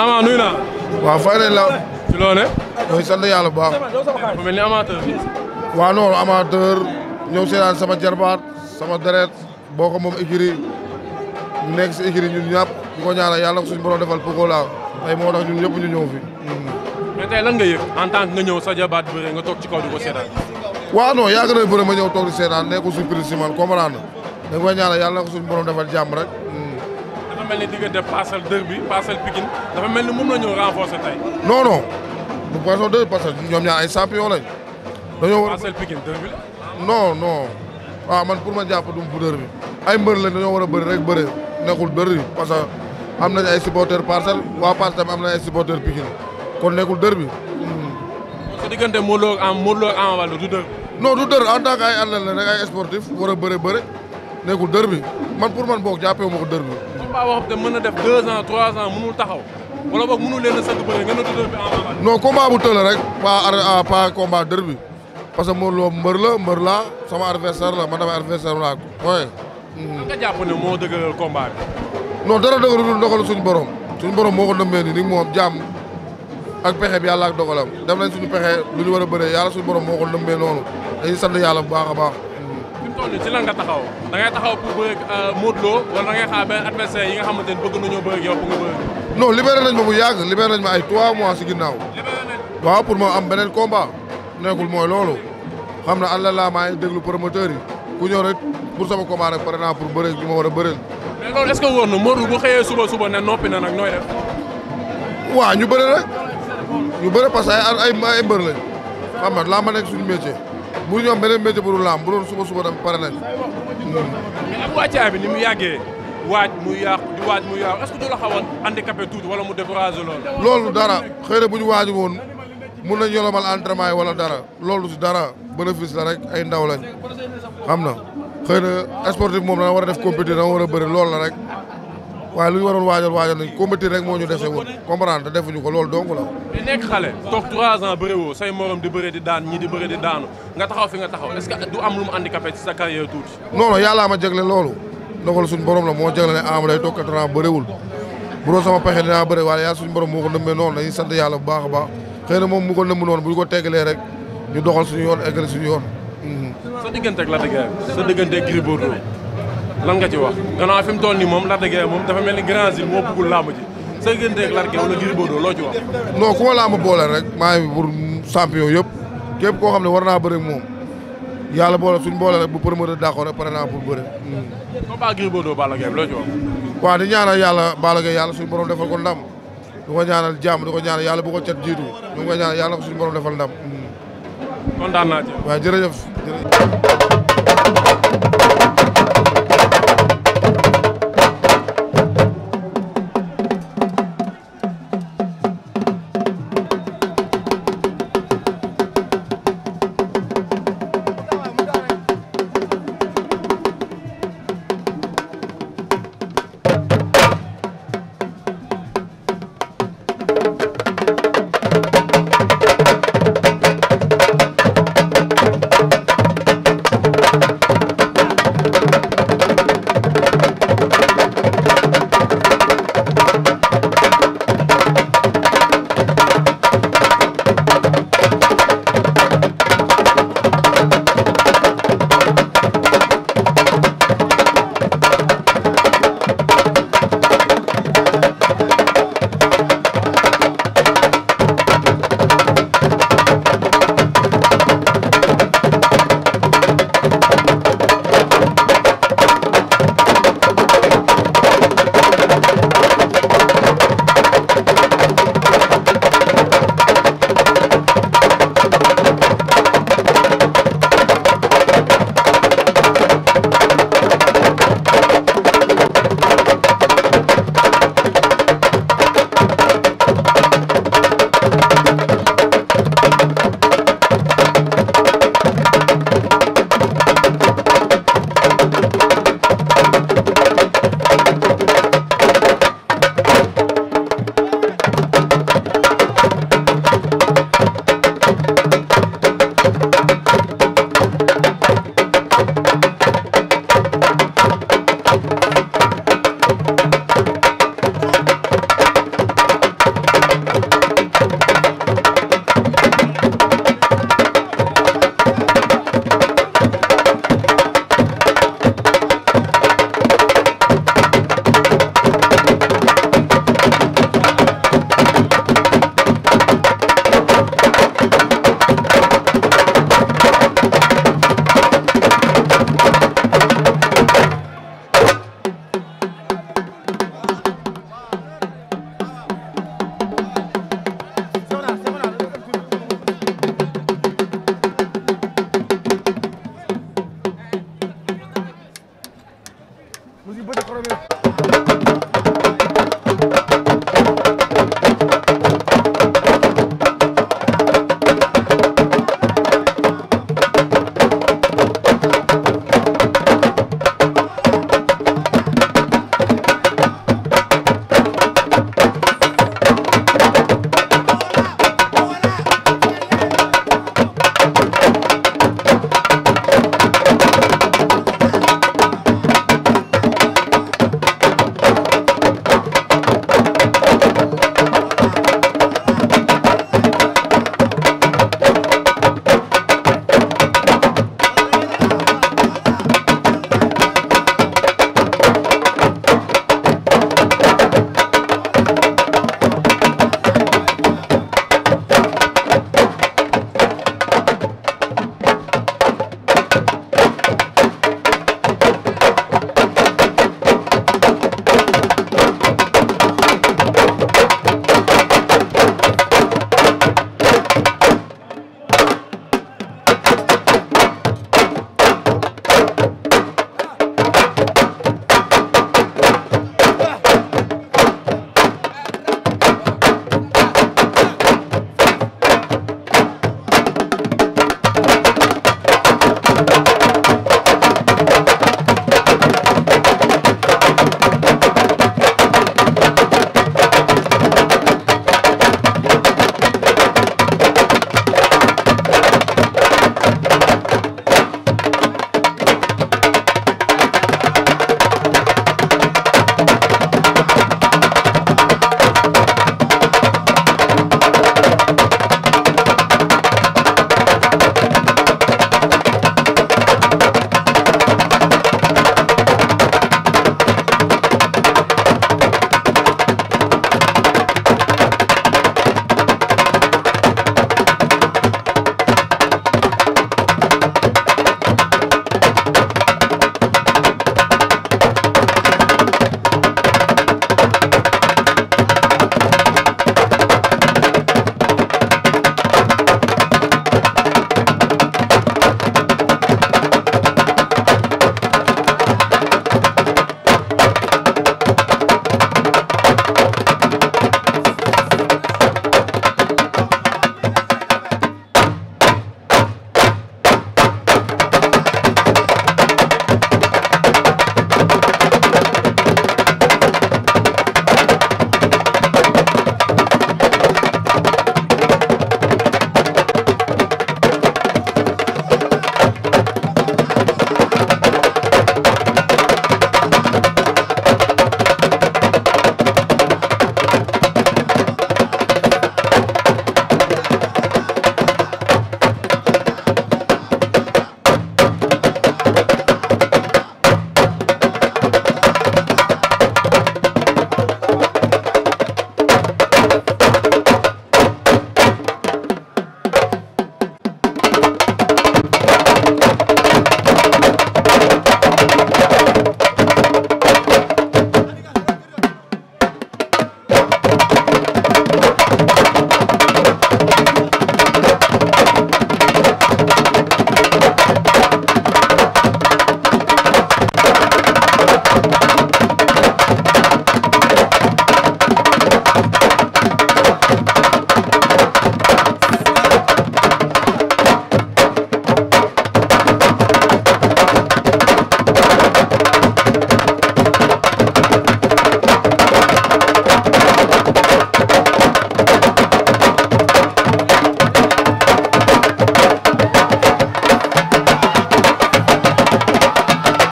Ama nuyu naa. waaw fay nañ la. ci loone mooy sant yàlla bu baax. mu mel ni amateur bi. waaw non amateur ñëw seetaan sama jarbaat sama deret boo ko moom écurie nekk si écurie ñun ñàpp ñu ko ñaanal yàlla suñu borom defal Pokola tey moo tax ñun ñëpp ñu ñëw fi. mais lan nga yëg en nga ñëw sa jabaat bëre nga toog ci kaw di ko seetaan. waaw non yàgg na bëre ma ñëw toog di seetaan nekkul surprise si man comprendre nga da nga yàlla na ko suñu defal jàmm rek. mel ni diggante Parcelles Derby Parcelles Pikine mel ni moom la ñëw renforcer tey. non non bu Parcelles Derby Parcelles ñoom ñaar dañoo war a Parcelles Pikine Derby la. non ah, man pour ma jàpp dum bu Derby ay mbër lañ dañoo war a bëri rek bëri nekkul Derby parce que am nañ ay supporters Parcelles waa Parcelles am nañ ay supporters Pikine kon nekkul Derby. diggante Modou Lo ak Modou Lo ak Ama Baldé du Derby. non du Derby en tant que ay athlètes la rek ay man pour man boog jàppee wu ko Derby. combat boo xam mën na def deux ans trois ans mënul taxaw wala boog mënul leen a sant bëre nga ne tuddee bi en non combat bu tëla rek pas ar ah, pas combat derby parce que Modou Lo mbër la mbër laa sama adversaire la man damay adversaire laa ooye. nga jàpp ne moo dëgëral combat bi. non dara dëgëral dogal suñu borom suñu borom moo ko dëmbee nii ni moom jàmm ak pexe bi yàlla ak dogalam def nañ suñu pexe lu ñu war a bëree yàlla suñu borom moo ko dëmbee noonu dañuy sant yàlla bu baax a baax. ne ci lan nga taxaw da ngay taxaw pour bëgg euh, Modou Lo wala yi nga xamante ne bëgg nañoo bëgg yow pour nga bëgg. non libéré nañ ma bu yàgg libéré nañ ma ay 3 mois si ginnaaw. libéré nañ waaw ma am beneen combat nekkul mooy loolu xam na àll laa maay déglu promoteur yi ku ñëw rek pour sama combat rek pare naa pour bëre bi war a bëreel. mais loolu est ce na Modou bu xëyee suba suba ne noppi na nag waaw ñu bëre rek ñu bëre parce que ay ay mbër lañ xam bu ñu am beneen métier bu dul laam bu doon suba suba tam pare nañ. mais ak bi ni mu yàggee waaj muy yàqu di waaj muy yàqu est-ce que du la xaw wala mu découragé loolu. loolu dara xëy bu ñu waajul woon mun nañ yolomal entraînement yi wala dara loolu dara bénéfice la rek ay ndaw lañ xam na xëy na sportif moom dana war a def compétition dana war a bëri loolu la rek. waaye lu ñu waroon waajal waajal nañ combattre rek moo ñu dese woon comprendre te defuñu ko loolu donc la. xale toog 3 ans say morom di bëre di daan ñi di bëre di daanu nga taxaw fi nga taxaw est-ce que du am lu mu handicapé ci sa carrière tuuti. non non yàllaa ma jagle loolu ndogal suñu borom la moo jagle ne am day toog 4 ans bëriwul bu doon sama pexe dinaa bëri waaye yàlla suñu borom moo ko nëmmee noonu dañuy sant yàlla bu baax ba baax xëy na moom mu bu ñu ko teggalee rek ñu doxal suñu yoon eggali suñu yoon. sa digganteeg la dëgg sa digganteeg Gris lan nga ci wax gannaaw fi mu toll nii moom Lac de Guiers moom dafa mel ni Grand Zil moo bëggul làmb ji sa gënteeg Lac de Guiers wala Gris Bordeaux loo ci wax. non ku ma làmb boole rek maa ngi pour champion yëpp képp koo xam ne war naa bëri ak moom yàlla boole suñ boole rek bu promoteur d'accord rek pare naa pour bëri. Mm. combat Gris Bordeaux Balla Gaye loo ci wax. waaw di ñaanal yàlla Balla Gaye yàlla suñu borom defal ko ndam du ko jam jàmm du ko ñaanal yàlla bu ko cat jiitu ñu ngi ko ñaanal yàlla ko suñu borom defal ndam. kontaan naa ci. waaw jërëjëf jërëjëf. thank you